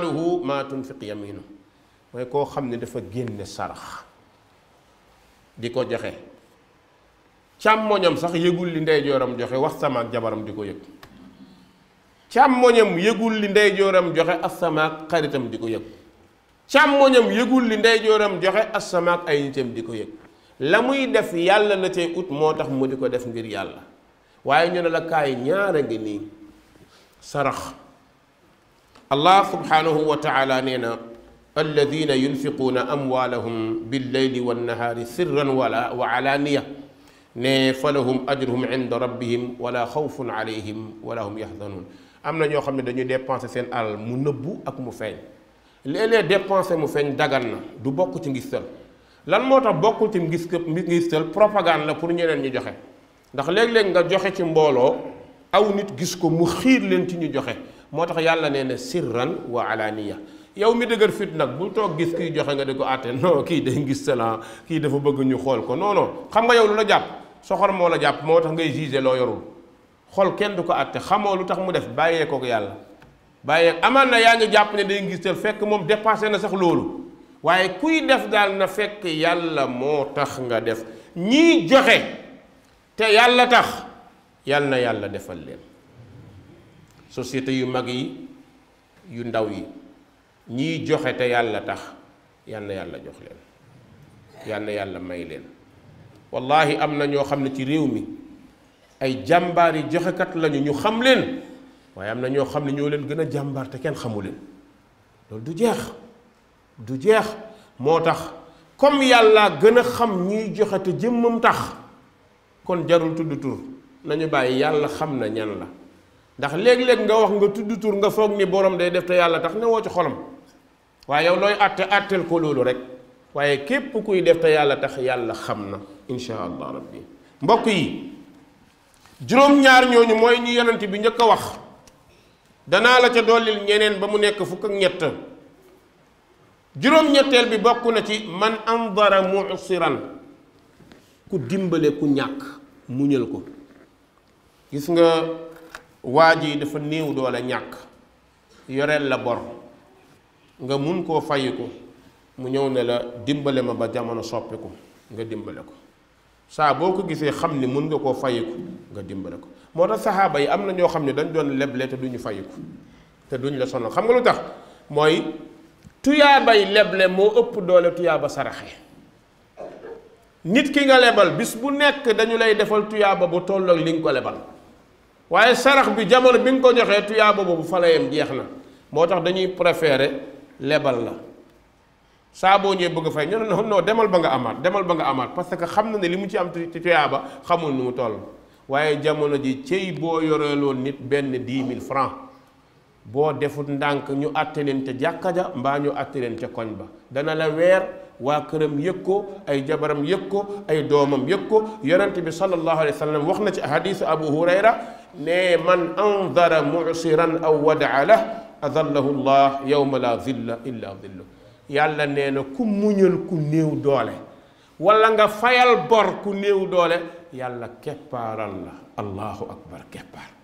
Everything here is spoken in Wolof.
maluhu ma tunfiq yaminu mooy ko xam ne dafa génne sarax di ko joxe càmmoñam sax yëgul li joram joxe wax sama ak jabaram di ko yëg yegul yëgul linda joram joxe asama ak xaritam di ko yëg càmmoñam yegul linda ndeyjooram joxe asama ak ay nitam di ko yek. Lamui muy def na te ut moo mu di ko def ngir yalla waaye ñu ne la kaay ñaara ngi الله سبحانه وتعالى نينا الذين ينفقون أموالهم بالليل والنهار سرا ولا وعلانية ne falahum ajruhum inda rabbihim wala xawfun alayhim wala hum yahzanun am na ñoo xam ne dañuy dépenser seen alal mu nëbbu ak mu feeñ léeg-léeg dépenser mu feeñ dagan na du bokk ci ngistal lan moo tax bokk ci ngis ngistal propagande la pour ñeneen ñu joxe ndax léeg-léeg nga joxe ci mbooloo aw nit gis ko mu xiir leen ci ñu joxe motax yàlla neena sirran wa alaniya yow mi deugar fit nak bu tok gis ki joxe nga deko ko non ki de gis salan ki dafa bëgg ñu xol ko non non xam nga yow lu la jàpp soxor mo la jàpp motax ngay juger lo yorul xol kenn duko ko àtte xamoo lu tax mu def baye ko yàlla baye amaan na yaa jàpp ne day ngistal fekk mom dépassé na sax lolu waye kuy def dal na fekk yàlla motax nga def ñi joxe te yàlla tax yàlla na yàlla defal leen société yu mag yi yu ndaw yi ñiy joxe te yàlla tax yàlla yàlla jox leen yàlla yàlla may leen wallahi am na ñoo xam ne ci réew mi ay jàmbaar yi joxekat lañu ñu xam leen waaye am na ñoo xam ne ñoo leen gën a jàmbaar te kenn xamu leen loolu du jeex du jeex moo tax comme yàlla gën a xam ñiy joxe te jëmmam tax kon jarul tudd tur nañu bàyyi yàlla xam na ñan la ndax léeg-léeg nga wax nga tudd tur nga foog ni borom day def te yàlla tax ne woo ci xolam waaye yow looy àtte àtteel ko loolu rek waaye képp kuy def te yàlla tax yàlla xam na insha allah rabbi mbokk yi juróom-ñaar ñooñu mooy ñu yonent bi njëkk a wax danaa la ca dollil ñeneen ba mu nekk fukk ak ñett juróom-ñetteel bi bokk na ci man andara mu'siran ku dimbale ku ñàkk muñal ko gis nga waa ji dafa néew doole ñàkk yoreel la bor nga mun koo fayiku mu ñëw ne la dimbale ma ba jamono soppiku nga dimbale ko saa boo ko gisee xam ni mun nga koo fayiku nga dimbale ko moo tax saxaaba yi am na ñoo xam ne dañ doon leble te duñu fayiku te duñu la sonal xam nga lu tax mooy tuyaabay leble moo ëpp doole tuyaaba saraxe nit ki nga lebal bis bu nekk dañu lay defal tuyaaba bu tolloog li nga ko lebal waye sarax bi jamono bi ngi ko joxe tuya bobu bu la yem jeex na moo dañuy préférer lebal la sa bo ñe bëgg fay ñu non non demal ba nga amaat demal ba nga amaat parce que xamna ne limu ci am ci ba xamul nu mu toll waye jamono ji cey bo yoreeloon nit ben 10000 francs bo defut ndànk ñu àtte leen ca jàkka ja ñu àtte leen ca koñ ba dana la wër wa kërëm yekko ay jabaram yekko ay domam yekko ko yonent bi sallallahu alayhi wasallam waxna ci hadith abu hurayra ne man anzara musiran aw wadaa lah adallahu llah yawma la dhilla illa dhillu yàlla neena ku muñul ku néew doole wala nga fayal bor ku néew doole yàlla kepparal la allahu akbar kepparal